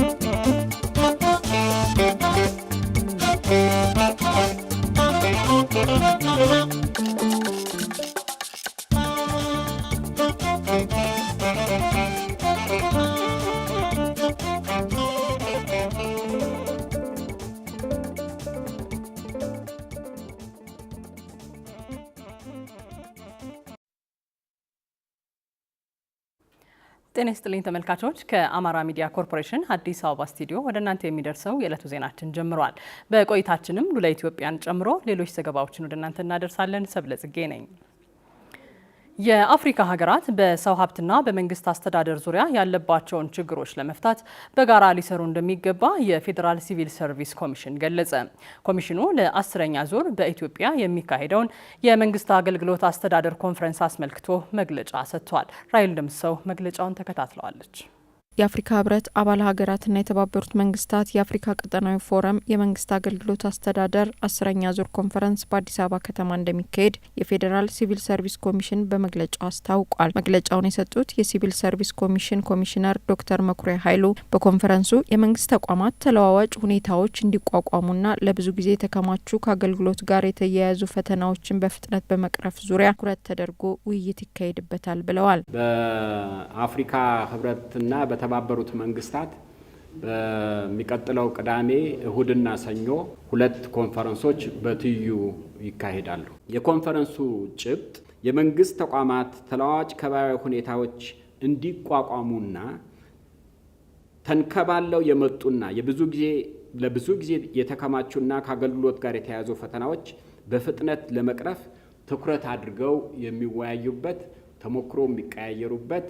Thank you. ጤና ይስጥልኝ ተመልካቾች፣ ከአማራ ሚዲያ ኮርፖሬሽን አዲስ አበባ ስቱዲዮ ወደ እናንተ የሚደርሰው የዕለቱ ዜናችን ጀምሯል። በቆይታችንም ሉላ ኢትዮጵያን ጨምሮ ሌሎች ዘገባዎችን ወደ እናንተ እናደርሳለን። ሰብለ ጽጌ ነኝ። የአፍሪካ ሀገራት በሰው ሀብትና በመንግስት አስተዳደር ዙሪያ ያለባቸውን ችግሮች ለመፍታት በጋራ ሊሰሩ እንደሚገባ የፌዴራል ሲቪል ሰርቪስ ኮሚሽን ገለጸ። ኮሚሽኑ ለአስረኛ ዙር በኢትዮጵያ የሚካሄደውን የመንግስት አገልግሎት አስተዳደር ኮንፈረንስ አስመልክቶ መግለጫ ሰጥቷል። ራይል ደምሰው መግለጫውን ተከታትለዋለች። የአፍሪካ ህብረት አባል ሀገራትና የተባበሩት መንግስታት የአፍሪካ ቀጠናዊ ፎረም የመንግስት አገልግሎት አስተዳደር አስረኛ ዙር ኮንፈረንስ በአዲስ አበባ ከተማ እንደሚካሄድ የፌዴራል ሲቪል ሰርቪስ ኮሚሽን በመግለጫው አስታውቋል። መግለጫውን የሰጡት የሲቪል ሰርቪስ ኮሚሽን ኮሚሽነር ዶክተር መኩሪያ ኃይሉ በኮንፈረንሱ የመንግስት ተቋማት ተለዋዋጭ ሁኔታዎች እንዲቋቋሙና ለብዙ ጊዜ የተከማቹ ከአገልግሎት ጋር የተያያዙ ፈተናዎችን በፍጥነት በመቅረፍ ዙሪያ ትኩረት ተደርጎ ውይይት ይካሄድበታል ብለዋል። በአፍሪካ ህብረትና የተባበሩት መንግስታት በሚቀጥለው ቅዳሜ እሁድና ሰኞ ሁለት ኮንፈረንሶች በትዩ ይካሄዳሉ። የኮንፈረንሱ ጭብጥ የመንግስት ተቋማት ተለዋዋጭ ከባቢያዊ ሁኔታዎች እንዲቋቋሙና ተንከባለው የመጡና የብዙ ጊዜ ለብዙ ጊዜ የተከማቹና ከአገልግሎት ጋር የተያያዙ ፈተናዎች በፍጥነት ለመቅረፍ ትኩረት አድርገው የሚወያዩበት ተሞክሮ የሚቀያየሩበት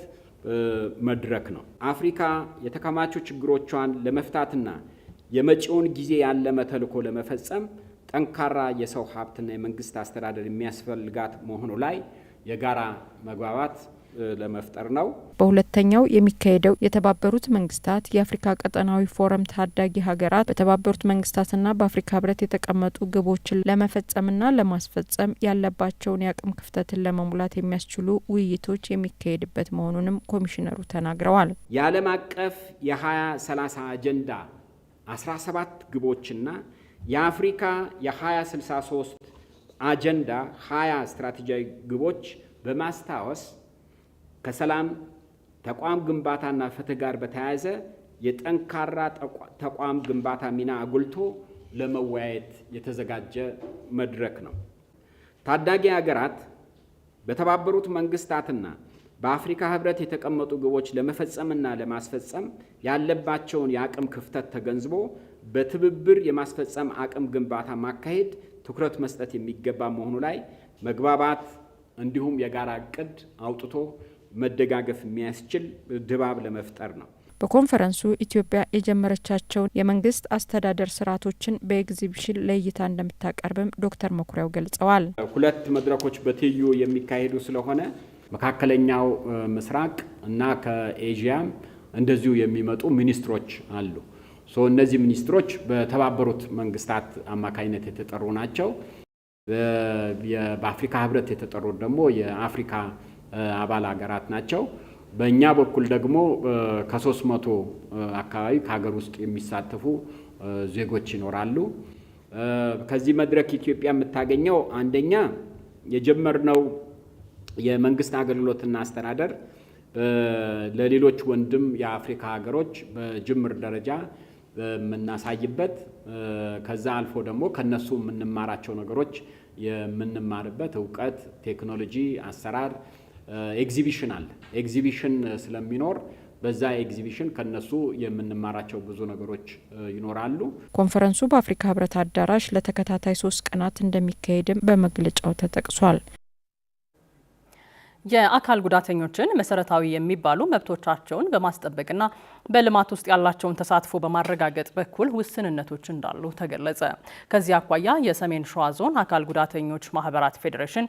መድረክ ነው። አፍሪካ የተከማቹ ችግሮቿን ለመፍታትና የመጪውን ጊዜ ያለመ ተልዕኮ ለመፈጸም ጠንካራ የሰው ሀብትና የመንግስት አስተዳደር የሚያስፈልጋት መሆኑ ላይ የጋራ መግባባት ለመፍጠር ነው። በሁለተኛው የሚካሄደው የተባበሩት መንግስታት የአፍሪካ ቀጠናዊ ፎረም ታዳጊ ሀገራት በተባበሩት መንግስታትና በአፍሪካ ህብረት የተቀመጡ ግቦችን ለመፈጸምና ለማስፈጸም ያለባቸውን የአቅም ክፍተትን ለመሙላት የሚያስችሉ ውይይቶች የሚካሄድበት መሆኑንም ኮሚሽነሩ ተናግረዋል። የዓለም አቀፍ የ2030 አጀንዳ 17 ግቦችና የአፍሪካ የ2063 አጀንዳ 20 ስትራቴጂያዊ ግቦች በማስታወስ ከሰላም ተቋም ግንባታና ፍትህ ጋር በተያያዘ የጠንካራ ተቋም ግንባታ ሚና አጉልቶ ለመወያየት የተዘጋጀ መድረክ ነው። ታዳጊ ሀገራት በተባበሩት መንግስታትና በአፍሪካ ህብረት የተቀመጡ ግቦች ለመፈጸምና ለማስፈጸም ያለባቸውን የአቅም ክፍተት ተገንዝቦ በትብብር የማስፈጸም አቅም ግንባታ ማካሄድ ትኩረት መስጠት የሚገባ መሆኑ ላይ መግባባት እንዲሁም የጋራ እቅድ አውጥቶ መደጋገፍ የሚያስችል ድባብ ለመፍጠር ነው። በኮንፈረንሱ ኢትዮጵያ የጀመረቻቸውን የመንግስት አስተዳደር ስርዓቶችን በኤግዚቢሽን ለእይታ እንደምታቀርብም ዶክተር መኩሪያው ገልጸዋል። ሁለት መድረኮች በትይዩ የሚካሄዱ ስለሆነ መካከለኛው ምስራቅ እና ከኤዥያም እንደዚሁ የሚመጡ ሚኒስትሮች አሉ። እነዚህ ሚኒስትሮች በተባበሩት መንግስታት አማካኝነት የተጠሩ ናቸው። በአፍሪካ ህብረት የተጠሩት ደግሞ የአፍሪካ አባል ሀገራት ናቸው። በእኛ በኩል ደግሞ ከሶስት መቶ አካባቢ ከሀገር ውስጥ የሚሳተፉ ዜጎች ይኖራሉ። ከዚህ መድረክ ኢትዮጵያ የምታገኘው አንደኛ የጀመርነው የመንግስት አገልግሎትና አስተዳደር ለሌሎች ወንድም የአፍሪካ ሀገሮች በጅምር ደረጃ የምናሳይበት ከዛ አልፎ ደግሞ ከነሱ የምንማራቸው ነገሮች የምንማርበት እውቀት፣ ቴክኖሎጂ፣ አሰራር ኤግዚቢሽን አለ። ኤግዚቢሽን ስለሚኖር በዛ ኤግዚቢሽን ከነሱ የምንማራቸው ብዙ ነገሮች ይኖራሉ። ኮንፈረንሱ በአፍሪካ ህብረት አዳራሽ ለተከታታይ ሶስት ቀናት እንደሚካሄድም በመግለጫው ተጠቅሷል። የአካል ጉዳተኞችን መሰረታዊ የሚባሉ መብቶቻቸውን በማስጠበቅና በልማት ውስጥ ያላቸውን ተሳትፎ በማረጋገጥ በኩል ውስንነቶች እንዳሉ ተገለጸ። ከዚህ አኳያ የሰሜን ሸዋ ዞን አካል ጉዳተኞች ማህበራት ፌዴሬሽን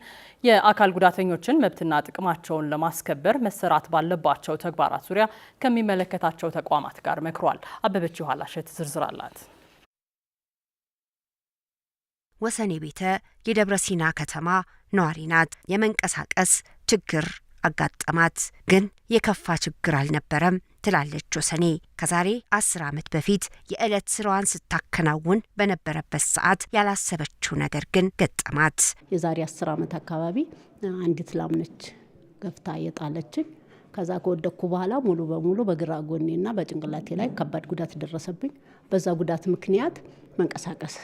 የአካል ጉዳተኞችን መብትና ጥቅማቸውን ለማስከበር መሰራት ባለባቸው ተግባራት ዙሪያ ከሚመለከታቸው ተቋማት ጋር መክሯል። አበበች ኋላሸት ዝርዝር አላት። ወሰኔ ቤተ የደብረ ሲና ከተማ ነዋሪ ናት። የመንቀሳቀስ ችግር አጋጠማት። ግን የከፋ ችግር አልነበረም ትላለች ወሰኔ። ከዛሬ አስር ዓመት በፊት የዕለት ስራዋን ስታከናውን በነበረበት ሰዓት ያላሰበችው ነገር ግን ገጠማት። የዛሬ አስር ዓመት አካባቢ አንዲት ላም ነች ገፍታ የጣለችኝ። ከዛ ከወደኩ በኋላ ሙሉ በሙሉ በግራ ጎኔና በጭንቅላቴ ላይ ከባድ ጉዳት ደረሰብኝ። በዛ ጉዳት ምክንያት መንቀሳቀስ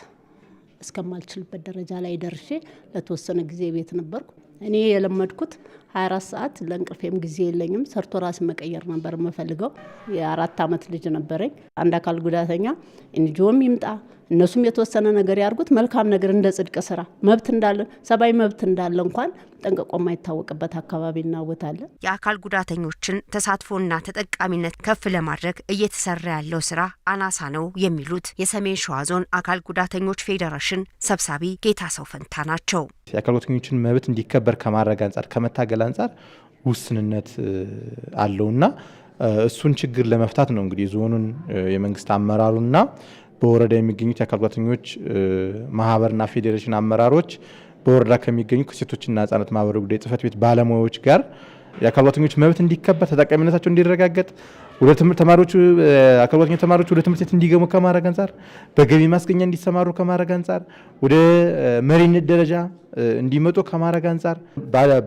እስከማልችልበት ደረጃ ላይ ደርሼ ለተወሰነ ጊዜ ቤት ነበርኩ። እኔ የለመድኩት 24 ሰዓት ለእንቅልፌም ጊዜ የለኝም። ሰርቶ ራስን መቀየር ነበር የምፈልገው። የአራት ዓመት ልጅ ነበረኝ። አንድ አካል ጉዳተኛ እንጆም ይምጣ እነሱም የተወሰነ ነገር ያርጉት። መልካም ነገር እንደ ጽድቅ ስራ መብት እንዳለ ሰብአዊ መብት እንዳለ እንኳን ጠንቅቆ የማይታወቅበት አካባቢ እናወታለን። የአካል ጉዳተኞችን ተሳትፎና ተጠቃሚነት ከፍ ለማድረግ እየተሰራ ያለው ስራ አናሳ ነው የሚሉት የሰሜን ሸዋ ዞን አካል ጉዳተኞች ፌዴሬሽን ሰብሳቢ ጌታ ሰው ፈንታ ናቸው። የአካል ጉዳተኞችን መብት እንዲከበር ከማድረግ አንጻር ከመታገል አንጻር ውስንነት አለውና እሱን ችግር ለመፍታት ነው እንግዲህ ዞኑን የመንግስት አመራሩና በወረዳ የሚገኙት የአካል ጉዳተኞች ማህበርና ፌዴሬሽን አመራሮች በወረዳ ከሚገኙ ከሴቶችና ህጻናት ማህበራዊ ጉዳይ ጽህፈት ቤት ባለሙያዎች ጋር የአካል ጉዳተኞች መብት እንዲከበር ተጠቃሚነታቸው እንዲረጋገጥ ወደ ትምህርት አካል ተማሪዎች ወደ ትምህርት ቤት እንዲገቡ ከማድረግ አንጻር በገቢ ማስገኛ እንዲሰማሩ ከማድረግ አንጻር ወደ መሪነት ደረጃ እንዲመጡ ከማድረግ አንጻር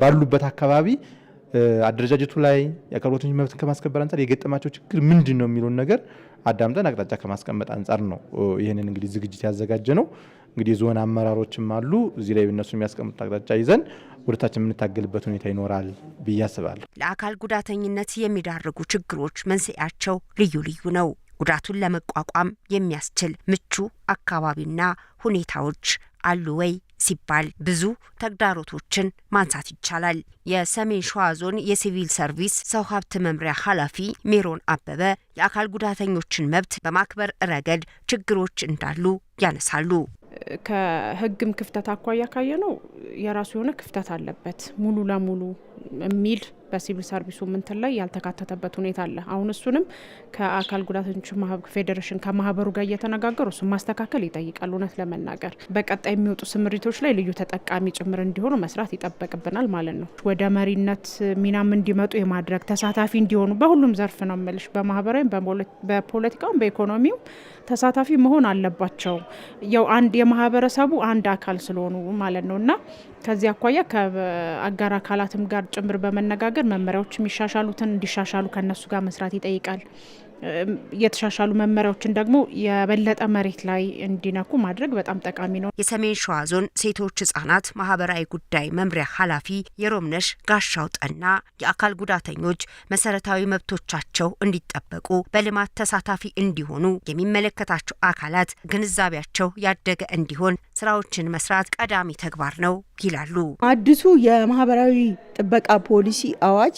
ባሉበት አካባቢ አደረጃጀቱ ላይ የአቅርቦተኞች መብትን ከማስከበር አንጻር የገጠማቸው ችግር ምንድን ነው የሚለውን ነገር አዳምጠን አቅጣጫ ከማስቀመጥ አንጻር ነው ይህንን እንግዲህ ዝግጅት ያዘጋጀ ነው። እንግዲህ የዞን አመራሮችም አሉ እዚህ ላይ እነሱ የሚያስቀምጡት አቅጣጫ ይዘን ወደታችን የምንታገልበት ሁኔታ ይኖራል ብዬ አስባለሁ። ለአካል ጉዳተኝነት የሚዳርጉ ችግሮች መንስኤያቸው ልዩ ልዩ ነው። ጉዳቱን ለመቋቋም የሚያስችል ምቹ አካባቢና ሁኔታዎች አሉ ወይ ሲባል ብዙ ተግዳሮቶችን ማንሳት ይቻላል። የሰሜን ሸዋ ዞን የሲቪል ሰርቪስ ሰው ሀብት መምሪያ ኃላፊ ሜሮን አበበ የአካል ጉዳተኞችን መብት በማክበር ረገድ ችግሮች እንዳሉ ያነሳሉ። ከህግም ክፍተት አኳያ ካየ ነው የራሱ የሆነ ክፍተት አለበት። ሙሉ ለሙሉ የሚል በሲቪል ሰርቪሱ ምንትን ላይ ያልተካተተበት ሁኔታ አለ። አሁን እሱንም ከአካል ጉዳተኞች ፌዴሬሽን ከማህበሩ ጋር እየተነጋገሩ እሱ ማስተካከል ይጠይቃል። እውነት ለመናገር በቀጣይ የሚወጡ ስምሪቶች ላይ ልዩ ተጠቃሚ ጭምር እንዲሆኑ መስራት ይጠበቅብናል ማለት ነው። ወደ መሪነት ሚናም እንዲመጡ የማድረግ ተሳታፊ እንዲሆኑ በሁሉም ዘርፍ ነው ምልሽ በማህበራዊም፣ በፖለቲካውም፣ በኢኮኖሚውም ተሳታፊ መሆን አለባቸው። ያው አንድ የማህበረሰቡ አንድ አካል ስለሆኑ ማለት ነው እና ከዚህ አኳያ ከአጋር አካላትም ጋር ጭምር በመነጋገር መመሪያዎች የሚሻሻሉትን እንዲሻሻሉ ከነሱ ጋር መስራት ይጠይቃል። የተሻሻሉ መመሪያዎችን ደግሞ የበለጠ መሬት ላይ እንዲነኩ ማድረግ በጣም ጠቃሚ ነው። የሰሜን ሸዋ ዞን ሴቶች ህጻናት ማህበራዊ ጉዳይ መምሪያ ኃላፊ የሮምነሽ ጋሻው ጠና የአካል ጉዳተኞች መሰረታዊ መብቶቻቸው እንዲጠበቁ በልማት ተሳታፊ እንዲሆኑ የሚመለከታቸው አካላት ግንዛቤያቸው ያደገ እንዲሆን ስራዎችን መስራት ቀዳሚ ተግባር ነው ይላሉ። አዲሱ የማህበራዊ ጥበቃ ፖሊሲ አዋጅ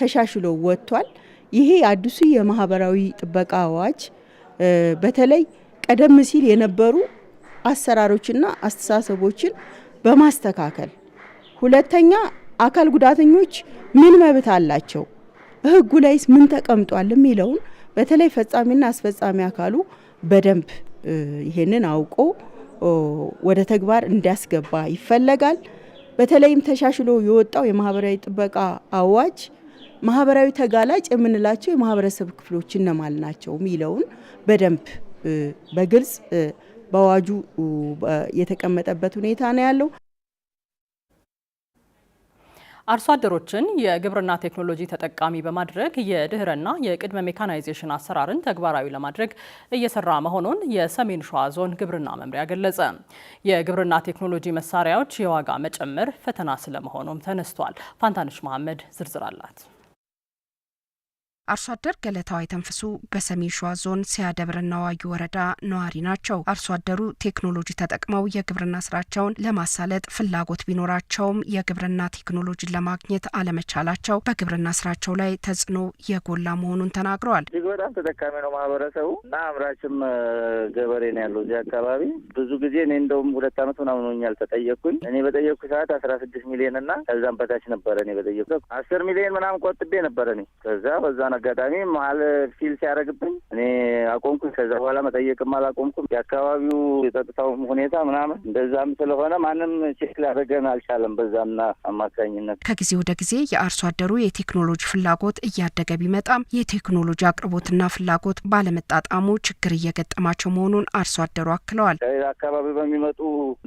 ተሻሽሎ ወጥቷል። ይሄ አዲሱ የማህበራዊ ጥበቃ አዋጅ በተለይ ቀደም ሲል የነበሩ አሰራሮችና አስተሳሰቦችን በማስተካከል ሁለተኛ አካል ጉዳተኞች ምን መብት አላቸው፣ ህጉ ላይስ ምን ተቀምጧል የሚለውን በተለይ ፈጻሚና አስፈጻሚ አካሉ በደንብ ይሄንን አውቆ ወደ ተግባር እንዲያስገባ ይፈለጋል። በተለይም ተሻሽሎ የወጣው የማህበራዊ ጥበቃ አዋጅ ማህበራዊ ተጋላጭ የምንላቸው የማህበረሰብ ክፍሎች እነማን ናቸው የሚለውን በደንብ በግልጽ በአዋጁ የተቀመጠበት ሁኔታ ነው ያለው። አርሶ አደሮችን የግብርና ቴክኖሎጂ ተጠቃሚ በማድረግ የድህረና የቅድመ ሜካናይዜሽን አሰራርን ተግባራዊ ለማድረግ እየሰራ መሆኑን የሰሜን ሸዋ ዞን ግብርና መምሪያ ገለጸ። የግብርና ቴክኖሎጂ መሳሪያዎች የዋጋ መጨመር ፈተና ስለመሆኑም ተነስቷል። ፋንታንሽ መሐመድ ዝርዝር አላት። አርሶ አደር ገለታው አይተንፍሱ በሰሜን ሸዋ ዞን ሲያደብርና ዋዩ ወረዳ ነዋሪ ናቸው። አርሶ አደሩ ቴክኖሎጂ ተጠቅመው የግብርና ስራቸውን ለማሳለጥ ፍላጎት ቢኖራቸውም የግብርና ቴክኖሎጂን ለማግኘት አለመቻላቸው በግብርና ስራቸው ላይ ተጽዕኖ የጎላ መሆኑን ተናግረዋል። እጅግ በጣም ተጠቃሚ ነው ማህበረሰቡ እና አምራችም ገበሬ ነው ያለው እዚህ አካባቢ። ብዙ ጊዜ እኔ እንደውም ሁለት አመት ምናምን ሆኛል ተጠየቅኩኝ። እኔ በጠየቅኩ ሰዓት አስራ ስድስት ሚሊዮን እና ከዛም በታች ነበረ። እኔ በጠየቅኩ አስር ሚሊዮን ምናምን ቆጥቤ ነበረ እኔ ከዛ በዛ አጋጣሚ መሀል ፊል ሲያደርግብኝ እኔ አቆምኩኝ። ከዛ በኋላ መጠየቅም አላቆምኩም። የአካባቢው የጸጥታው ሁኔታ ምናምን እንደዛም ስለሆነ ማንም ቼክ ሊያደርገን አልቻለም። በዛምና አማካኝነት ከጊዜ ወደ ጊዜ የአርሶ አደሩ የቴክኖሎጂ ፍላጎት እያደገ ቢመጣም የቴክኖሎጂ አቅርቦትና ፍላጎት ባለመጣጣሙ ችግር እየገጠማቸው መሆኑን አርሶ አደሩ አክለዋል። አካባቢ በሚመጡ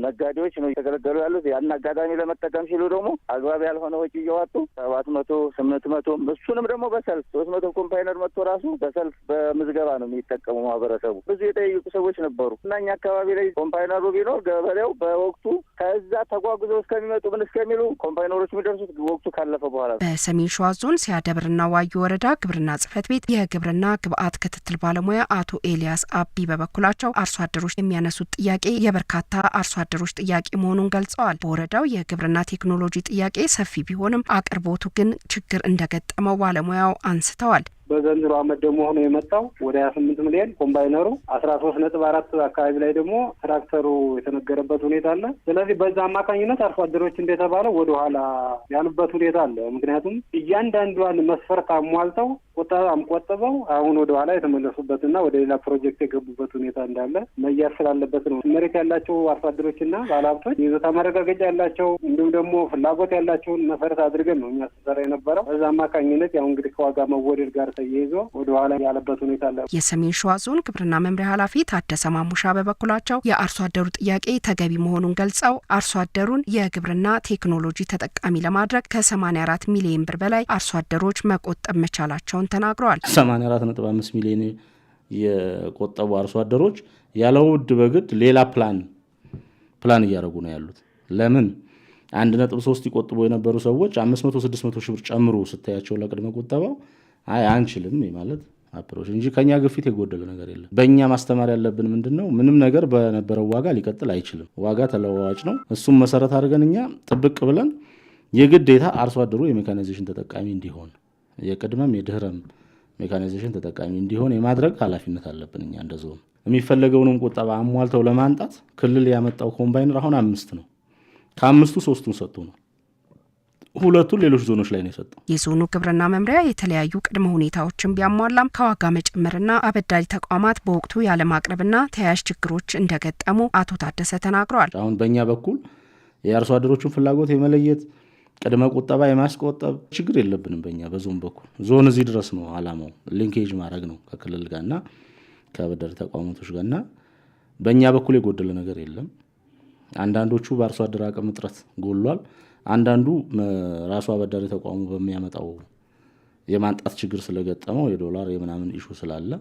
ነጋዴዎች ነው እየተገለገሉ ያሉት። ያን አጋጣሚ ለመጠቀም ሲሉ ደግሞ አግባብ ያልሆነ ወጪ እየዋጡ ሰባት መቶ ስምንት መቶ እሱንም ደግሞ በሰልፍ መቶ ኮምፓይነር መጥቶ ራሱ በሰልፍ በምዝገባ ነው የሚጠቀሙ ማህበረሰቡ። ብዙ የጠየቁ ሰዎች ነበሩ እና እኛ አካባቢ ላይ ኮምፓይነሩ ቢኖር ገበሬው በወቅቱ ከዛ ተጓጉዘው እስከሚመጡ ምን እስከሚሉ ኮምፓይነሮች የሚደርሱት ወቅቱ ካለፈ በኋላ በሰሜን ሸዋ ዞን ሲያደብርና ዋዩ ወረዳ ግብርና ጽህፈት ቤት የግብርና ግብአት ክትትል ባለሙያ አቶ ኤልያስ አቢ በበኩላቸው አርሶ አደሮች የሚያነሱት ጥያቄ የበርካታ አርሶ አደሮች ጥያቄ መሆኑን ገልጸዋል። በወረዳው የግብርና ቴክኖሎጂ ጥያቄ ሰፊ ቢሆንም አቅርቦቱ ግን ችግር እንደገጠመው ባለሙያው አንስተዋል። ተከስተዋል። በዘንድሮ አመት ደግሞ ሆኖ የመጣው ወደ ሀያ ስምንት ሚሊዮን ኮምባይነሩ አስራ ሶስት ነጥብ አራት አካባቢ ላይ ደግሞ ትራክተሩ የተነገረበት ሁኔታ አለ። ስለዚህ በዛ አማካኝነት አርሶ አደሮች እንደተባለው ወደ ኋላ ያሉበት ሁኔታ አለ። ምክንያቱም እያንዳንዷን መስፈርት አሟልተው ቆጠባም ቆጥበው አሁን ወደ ኋላ የተመለሱበትና ወደ ሌላ ፕሮጀክት የገቡበት ሁኔታ እንዳለ መያዝ ስላለበት ነው። መሬት ያላቸው አርሶ አደሮችና ባለሀብቶች የይዞታ ማረጋገጫ ያላቸው እንዲሁም ደግሞ ፍላጎት ያላቸውን መሰረት አድርገን ነው እኛ ስንሰራ የነበረው። በዛ አማካኝነት ያው እንግዲህ ከዋጋ መወደድ ጋር ተያይዞ ወደ ኋላ ያለበት ሁኔታ አለ። የሰሜን ሸዋ ዞን ግብርና መምሪያ ኃላፊ ታደሰ ማሙሻ በበኩላቸው የአርሶ አደሩ ጥያቄ ተገቢ መሆኑን ገልጸው አርሶ አደሩን የግብርና ቴክኖሎጂ ተጠቃሚ ለማድረግ ከ84 ሚሊዮን ብር በላይ አርሶ አደሮች መቆጠብ መቻላቸውን ተናግረዋል። 84.5 ሚሊዮን የቆጠቡ አርሶ አደሮች ያለ ውድ በግድ ሌላ ፕላን ፕላን እያደረጉ ነው ያሉት። ለምን አንድ ነጥብ ሶስት ይቆጥቡ የነበሩ ሰዎች አምስት መቶ ስድስት መቶ ሺህ ብር ጨምሩ ስታያቸው ለቅድመ ቁጠባው አይ አንችልም ማለት አፕሮች እንጂ ከኛ ግፊት የጎደለ ነገር የለም። በእኛ ማስተማር ያለብን ምንድን ነው? ምንም ነገር በነበረው ዋጋ ሊቀጥል አይችልም። ዋጋ ተለዋዋጭ ነው። እሱም መሰረት አድርገን እኛ ጥብቅ ብለን የግዴታ አርሶ አደሩ የሜካናይዜሽን ተጠቃሚ እንዲሆን የቅድመም የድህረም ሜካናይዜሽን ተጠቃሚ እንዲሆን የማድረግ ኃላፊነት አለብን እኛ እንደ ዞን። የሚፈለገውንም ቁጠባ አሟልተው ለማንጣት ክልል ያመጣው ኮምባይነር አሁን አምስት ነው። ከአምስቱ ሶስቱን ሰጥቶ ነው ሁለቱን ሌሎች ዞኖች ላይ ነው የሰጠው። የዞኑ ግብርና መምሪያ የተለያዩ ቅድመ ሁኔታዎችን ቢያሟላም ከዋጋ መጨመርና አበዳሪ ተቋማት በወቅቱ ያለማቅረብና ተያያዥ ችግሮች እንደገጠሙ አቶ ታደሰ ተናግረዋል። አሁን በእኛ በኩል የአርሶ አደሮቹን ፍላጎት የመለየት ቅድመ ቁጠባ የማስቆጠብ ችግር የለብንም። በእኛ በዞን በኩል ዞን እዚህ ድረስ ነው አላማው፣ ሊንኬጅ ማድረግ ነው ከክልል ጋርና ከበደር ተቋማቶች ጋርና በእኛ በኩል የጎደለ ነገር የለም። አንዳንዶቹ በአርሶ አደር አቅም እጥረት ጎሏል። አንዳንዱ ራሱ አበዳሪ ተቋሙ በሚያመጣው የማንጣት ችግር ስለገጠመው የዶላር የምናምን ኢሹ ስላለ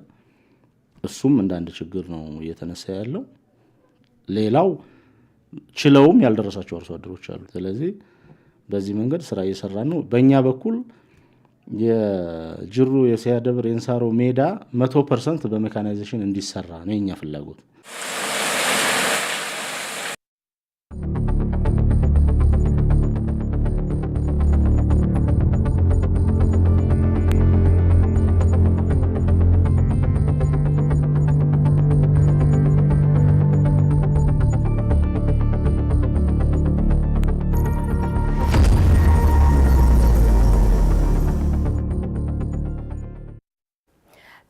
እሱም እንደ አንድ ችግር ነው እየተነሳ ያለው። ሌላው ችለውም ያልደረሳቸው አርሶ አደሮች አሉ። ስለዚህ በዚህ መንገድ ስራ እየሰራ ነው። በእኛ በኩል የጅሩ የሲያደብር የእንሳሮ ሜዳ መቶ ፐርሰንት በሜካናይዜሽን እንዲሰራ ነው የኛ ፍላጎት።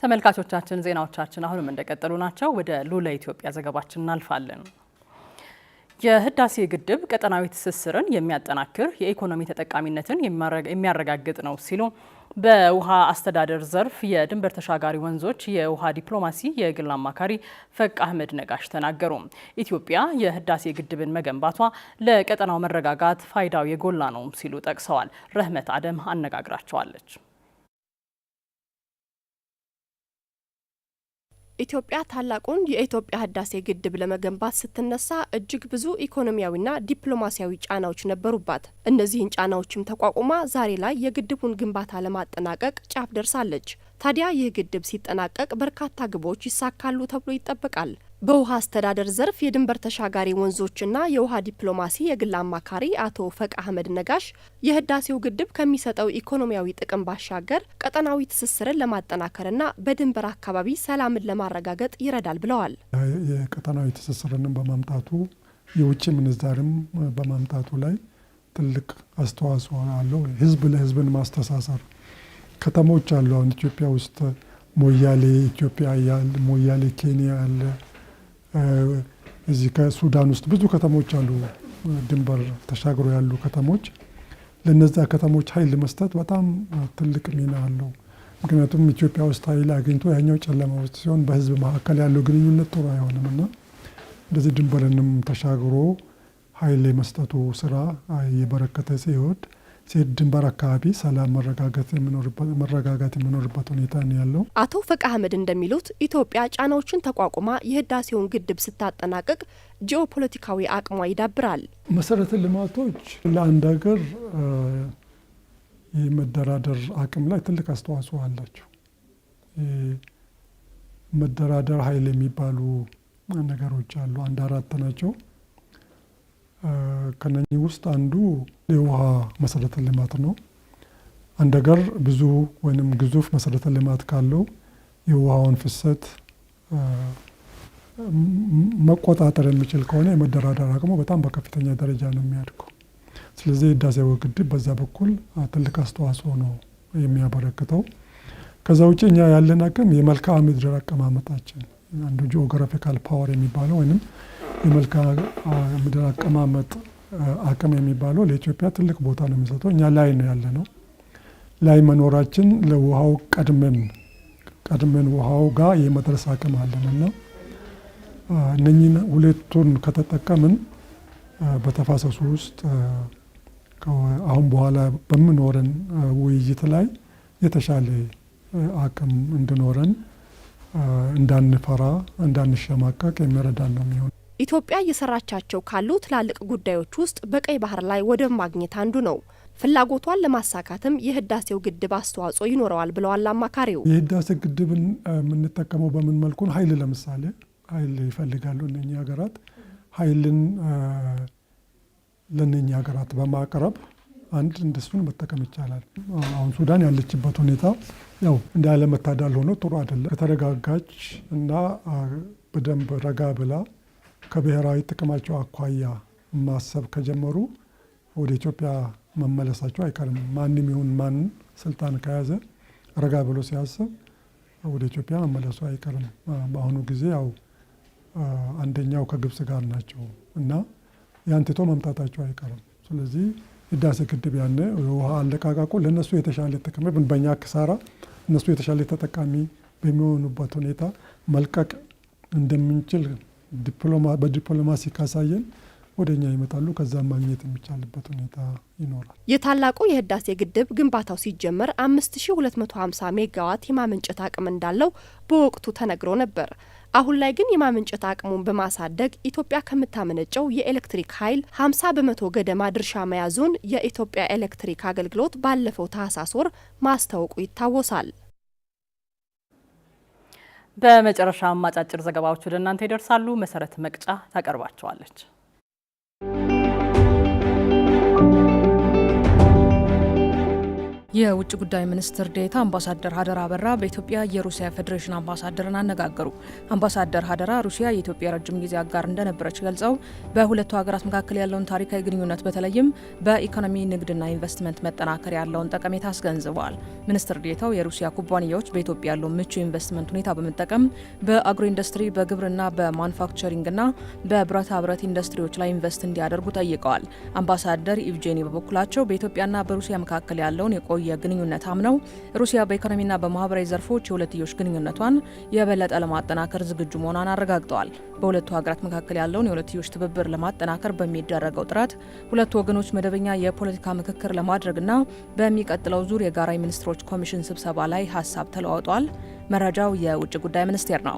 ተመልካቾቻችን ዜናዎቻችን አሁንም እንደቀጠሉ ናቸው። ወደ ሉላ ኢትዮጵያ ዘገባችን እናልፋለን። የህዳሴ ግድብ ቀጠናዊ ትስስርን የሚያጠናክር የኢኮኖሚ ተጠቃሚነትን የሚያረጋግጥ ነው ሲሉ በውሃ አስተዳደር ዘርፍ የድንበር ተሻጋሪ ወንዞች የውሃ ዲፕሎማሲ የግል አማካሪ ፈቅ አህመድ ነጋሽ ተናገሩ። ኢትዮጵያ የህዳሴ ግድብን መገንባቷ ለቀጠናው መረጋጋት ፋይዳው የጎላ ነው ሲሉ ጠቅሰዋል። ረህመት አደም አነጋግራቸዋለች። ኢትዮጵያ ታላቁን የኢትዮጵያ ህዳሴ ግድብ ለመገንባት ስትነሳ እጅግ ብዙ ኢኮኖሚያዊና ዲፕሎማሲያዊ ጫናዎች ነበሩባት። እነዚህን ጫናዎችም ተቋቁማ ዛሬ ላይ የግድቡን ግንባታ ለማጠናቀቅ ጫፍ ደርሳለች። ታዲያ ይህ ግድብ ሲጠናቀቅ በርካታ ግቦች ይሳካሉ ተብሎ ይጠበቃል። በውሃ አስተዳደር ዘርፍ የድንበር ተሻጋሪ ወንዞችና የውሃ ዲፕሎማሲ የግል አማካሪ አቶ ፈቅ አህመድ ነጋሽ የህዳሴው ግድብ ከሚሰጠው ኢኮኖሚያዊ ጥቅም ባሻገር ቀጠናዊ ትስስርን ለማጠናከርና በድንበር አካባቢ ሰላምን ለማረጋገጥ ይረዳል ብለዋል። የቀጠናዊ ትስስርንም በማምጣቱ የውጭ ምንዛርም በማምጣቱ ላይ ትልቅ አስተዋጽኦ አለው። ህዝብ ለህዝብን ማስተሳሰር ከተሞች አሉ። አሁን ኢትዮጵያ ውስጥ ሞያሌ ኢትዮጵያ ያል ሞያሌ ኬንያ አለ እዚህ ከሱዳን ውስጥ ብዙ ከተሞች አሉ፣ ድንበር ተሻግሮ ያሉ ከተሞች። ለነዛ ከተሞች ኃይል መስጠት በጣም ትልቅ ሚና አለው። ምክንያቱም ኢትዮጵያ ውስጥ ኃይል አግኝቶ ያኛው ጨለማ ውስጥ ሲሆን በህዝብ መካከል ያለው ግንኙነት ጥሩ አይሆንም እና እንደዚህ ድንበርንም ተሻግሮ ኃይል የመስጠቱ ስራ እየበረከተ ሲሄድ ሲሄድ ድንበር አካባቢ ሰላም መረጋጋት የሚኖርበት ሁኔታ ነው ያለው። አቶ ፈቃ አህመድ እንደሚሉት ኢትዮጵያ ጫናዎችን ተቋቁማ የህዳሴውን ግድብ ስታጠናቀቅ ጂኦፖለቲካዊ አቅሟ ይዳብራል። መሰረተ ልማቶች ለአንድ ሀገር የመደራደር አቅም ላይ ትልቅ አስተዋጽኦ አላቸው። መደራደር ኃይል የሚባሉ ነገሮች አሉ። አንድ አራት ናቸው። ከነኚህ ውስጥ አንዱ የውሃ መሰረተ ልማት ነው። አንድ ሀገር ብዙ ወይም ግዙፍ መሰረተ ልማት ካለው የውሃውን ፍሰት መቆጣጠር የሚችል ከሆነ የመደራደር አቅሙ በጣም በከፍተኛ ደረጃ ነው የሚያድገው። ስለዚህ የህዳሴው ግድብ በዛ በኩል ትልቅ አስተዋጽኦ ነው የሚያበረክተው። ከዛ ውጭ እኛ ያለን አቅም የመልክዓ ምድር አቀማመጣችን አንዱ ጂኦግራፊካል ፓወር የሚባለው ወይም የመልካ ምድር አቀማመጥ አቅም የሚባለው ለኢትዮጵያ ትልቅ ቦታ ነው የሚሰጠው። እኛ ላይ ነው ያለ ነው። ላይ መኖራችን ለውሃው ቀድመን ቀድመን ውሃው ጋር የመድረስ አቅም አለን እና እነኝን ሁለቱን ከተጠቀምን በተፋሰሱ ውስጥ አሁን በኋላ በምኖረን ውይይት ላይ የተሻለ አቅም እንድኖረን እንዳንፈራ፣ እንዳንሸማቀቅ የሚረዳን ነው የሚሆነው። ኢትዮጵያ እየሰራቻቸው ካሉ ትላልቅ ጉዳዮች ውስጥ በቀይ ባህር ላይ ወደብ ማግኘት አንዱ ነው። ፍላጎቷን ለማሳካትም የህዳሴው ግድብ አስተዋጽኦ ይኖረዋል ብለዋል አማካሪው። የህዳሴ ግድብን የምንጠቀመው በምን መልኩ ኃይል ለምሳሌ ኃይል ይፈልጋሉ እነኚህ ሀገራት። ኃይልን ለእነኚህ ሀገራት በማቅረብ አንድ እንደሱን መጠቀም ይቻላል። አሁን ሱዳን ያለችበት ሁኔታ ያው እንደ ያለመታደል ሆኖ ጥሩ አይደለም። ከተረጋጋች እና በደንብ ረጋ ብላ ከብሔራዊ ጥቅማቸው አኳያ ማሰብ ከጀመሩ ወደ ኢትዮጵያ መመለሳቸው አይቀርም። ማንም ይሁን ማን ስልጣን ከያዘ ረጋ ብሎ ሲያስብ ወደ ኢትዮጵያ መመለሱ አይቀርም። በአሁኑ ጊዜ ያው አንደኛው ከግብጽ ጋር ናቸው እና ያን ትቶ መምጣታቸው አይቀርም። ስለዚህ ህዳሴ ግድብ ያነ ውሃ አለቃቃቁ ለእነሱ የተሻለ ጥቅም ብን በእኛ ክሳራ እነሱ የተሻለ ተጠቃሚ በሚሆኑበት ሁኔታ መልቀቅ እንደምንችል በዲፕሎማሲ ካሳየን ወደ እኛ ይመጣሉ። ከዛ ማግኘት የሚቻልበት ሁኔታ ይኖራል። የታላቁ የህዳሴ ግድብ ግንባታው ሲጀመር 5250 ሜጋዋት የማመንጨት አቅም እንዳለው በወቅቱ ተነግሮ ነበር። አሁን ላይ ግን የማመንጨት አቅሙን በማሳደግ ኢትዮጵያ ከምታመነጨው የኤሌክትሪክ ኃይል 50 በመቶ ገደማ ድርሻ መያዙን የኢትዮጵያ ኤሌክትሪክ አገልግሎት ባለፈው ታህሳስ ወር ማስታወቁ ይታወሳል። በመጨረሻም አጫጭር ዘገባዎች ወደ እናንተ ይደርሳሉ። መሰረት መቅጫ ታቀርባቸዋለች። የውጭ ጉዳይ ሚኒስትር ዴታ አምባሳደር ሀደራ አበራ በኢትዮጵያ የሩሲያ ፌዴሬሽን አምባሳደርን አነጋገሩ። አምባሳደር ሀደራ ሩሲያ የኢትዮጵያ ረጅም ጊዜ አጋር እንደነበረች ገልጸው በሁለቱ ሀገራት መካከል ያለውን ታሪካዊ ግንኙነት በተለይም በኢኮኖሚ ንግድና ኢንቨስትመንት መጠናከር ያለውን ጠቀሜታ አስገንዝበዋል። ሚኒስትር ዴታው የሩሲያ ኩባንያዎች በኢትዮጵያ ያለው ምቹ ኢንቨስትመንት ሁኔታ በመጠቀም በአግሮ ኢንዱስትሪ፣ በግብርና፣ በማኑፋክቸሪንግና በብረታ ብረት ኢንዱስትሪዎች ላይ ኢንቨስት እንዲያደርጉ ጠይቀዋል። አምባሳደር ኢቭጄኒ በበኩላቸው በኢትዮጵያና በሩሲያ መካከል ያለውን የቆዩ የግንኙነት ግንኙነት አምነው ሩሲያ በኢኮኖሚና በማህበራዊ ዘርፎች የሁለትዮሽ ግንኙነቷን የበለጠ ለማጠናከር ዝግጁ መሆኗን አረጋግጠዋል። በሁለቱ ሀገራት መካከል ያለውን የሁለትዮሽ ትብብር ለማጠናከር በሚደረገው ጥረት ሁለቱ ወገኖች መደበኛ የፖለቲካ ምክክር ለማድረግና በሚቀጥለው ዙር የጋራ ሚኒስትሮች ኮሚሽን ስብሰባ ላይ ሀሳብ ተለዋውጧል። መረጃው የውጭ ጉዳይ ሚኒስቴር ነው።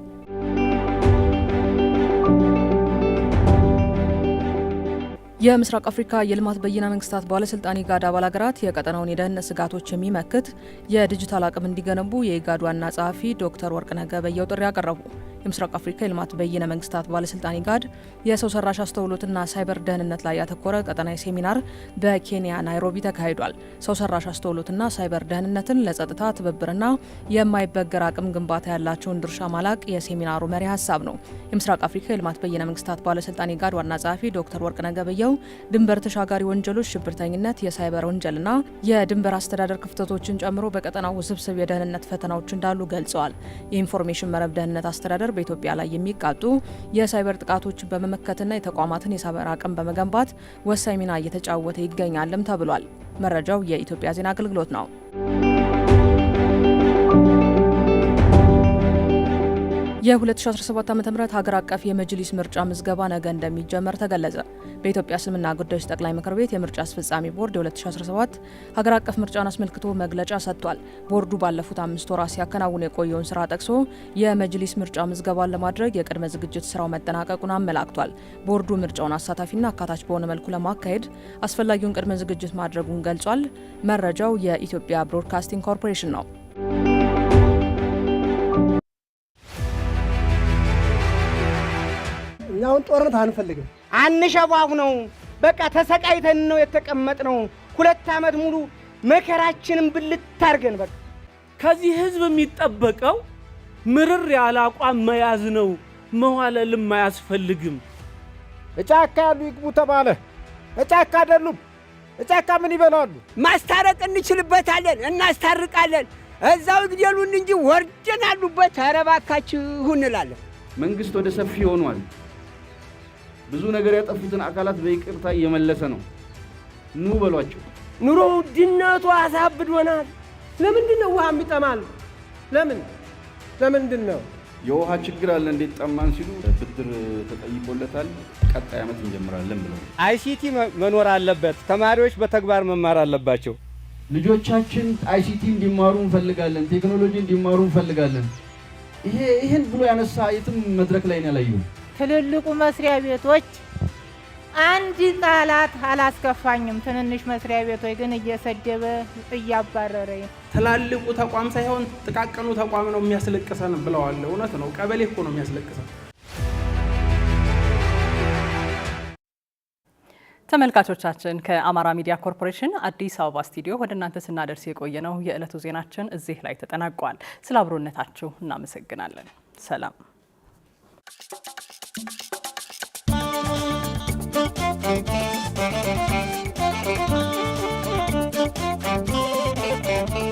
የምስራቅ አፍሪካ የልማት በይነ መንግስታት ባለስልጣን ኢጋድ አባል ሀገራት የቀጠናውን የደህንነት ስጋቶች የሚመክት የዲጂታል አቅም እንዲገነቡ የኢጋድ ዋና ጸሐፊ ዶክተር ወርቅነህ ገበየሁ ጥሪ አቀረቡ። የምስራቅ አፍሪካ የልማት በይነ መንግስታት ባለስልጣን ኢጋድ የሰው ሰራሽ አስተውሎትና ሳይበር ደህንነት ላይ ያተኮረ ቀጠናዊ ሴሚናር በኬንያ ናይሮቢ ተካሂዷል። ሰው ሰራሽ አስተውሎትና ሳይበር ደህንነትን ለጸጥታ ትብብርና የማይበገር አቅም ግንባታ ያላቸውን ድርሻ ማላቅ የሴሚናሩ መሪ ሀሳብ ነው። የምስራቅ አፍሪካ የልማት በይነ መንግስታት ባለስልጣን ኢጋድ ዋና ጸሐፊ ዶክተር ወርቅነህ ገበየሁ ድንበር ተሻጋሪ ወንጀሎች፣ ሽብርተኝነት፣ የሳይበር ወንጀልና የድንበር አስተዳደር ክፍተቶችን ጨምሮ በቀጠናው ውስብስብ የደህንነት ፈተናዎች እንዳሉ ገልጸዋል። የኢንፎርሜሽን መረብ ደህንነት አስተዳደር በኢትዮጵያ ላይ የሚቃጡ የሳይበር ጥቃቶችን በመመከትና የተቋማትን የሳይበር አቅም በመገንባት ወሳኝ ሚና እየተጫወተ ይገኛልም ተብሏል። መረጃው የኢትዮጵያ ዜና አገልግሎት ነው። የ2017 ዓ ም ሀገር አቀፍ የመጅሊስ ምርጫ ምዝገባ ነገ እንደሚጀመር ተገለጸ። በኢትዮጵያ እስልምና ጉዳዮች ጠቅላይ ምክር ቤት የምርጫ አስፈጻሚ ቦርድ የ2017 ሀገር አቀፍ ምርጫን አስመልክቶ መግለጫ ሰጥቷል። ቦርዱ ባለፉት አምስት ወራት ሲያከናውን የቆየውን ስራ ጠቅሶ የመጅሊስ ምርጫ ምዝገባን ለማድረግ የቅድመ ዝግጅት ስራው መጠናቀቁን አመላክቷል። ቦርዱ ምርጫውን አሳታፊና አካታች በሆነ መልኩ ለማካሄድ አስፈላጊውን ቅድመ ዝግጅት ማድረጉን ገልጿል። መረጃው የኢትዮጵያ ብሮድካስቲንግ ኮርፖሬሽን ነው። አሁን ጦርነት አንፈልግም። አንሸባሁ ነው በቃ ተሰቃይተን ነው የተቀመጥነው። ሁለት ዓመት ሙሉ መከራችንን ብልታርገን በቃ ከዚህ ህዝብ የሚጠበቀው ምርር ያለ አቋም መያዝ ነው። መዋለልም አያስፈልግም። እጫካ ያሉ ይግቡ ተባለ። እጫካ አይደሉም። እጫካ ምን ይበላሉ? ማስታረቅ እንችልበታለን፣ እናስታርቃለን። እዛው ይግደሉን እንጂ ወርደን አሉበት። ኧረ እባካችሁ እንላለን። መንግስት ወደ ሰፊ ሆኗል። ብዙ ነገር ያጠፉትን አካላት በይቅርታ እየመለሰ ነው። ኑ በሏቸው። ኑሮ ውድነቱ አሳብዶናል። ለምንድን ነው ውሃ የሚጠማል? ለምን ለምንድን ነው የውሃ ችግር አለ እንዴት ጠማን ሲሉ ብድር ተጠይቆለታል። ቀጣይ ዓመት እንጀምራለን ብለው አይሲቲ መኖር አለበት። ተማሪዎች በተግባር መማር አለባቸው። ልጆቻችን አይሲቲ እንዲማሩ እንፈልጋለን። ቴክኖሎጂ እንዲማሩ እንፈልጋለን። ይሄ ይህን ብሎ ያነሳ የትም መድረክ ላይ ነው ትልልቁ መስሪያ ቤቶች አንድ ጣላት አላስከፋኝም። ትንንሽ መስሪያ ቤቶች ግን እየሰደበ እያባረረ ትላልቁ ተቋም ሳይሆን ጥቃቅኑ ተቋም ነው የሚያስለቅሰን ብለዋል። እውነት ነው። ቀበሌ እኮ ነው የሚያስለቅሰን። ተመልካቾቻችን ከአማራ ሚዲያ ኮርፖሬሽን አዲስ አበባ ስቱዲዮ ወደ እናንተ ስናደርስ የቆየ ነው የዕለቱ ዜናችን እዚህ ላይ ተጠናቋል። ስለ አብሮነታችሁ እናመሰግናለን። ሰላም Thank you.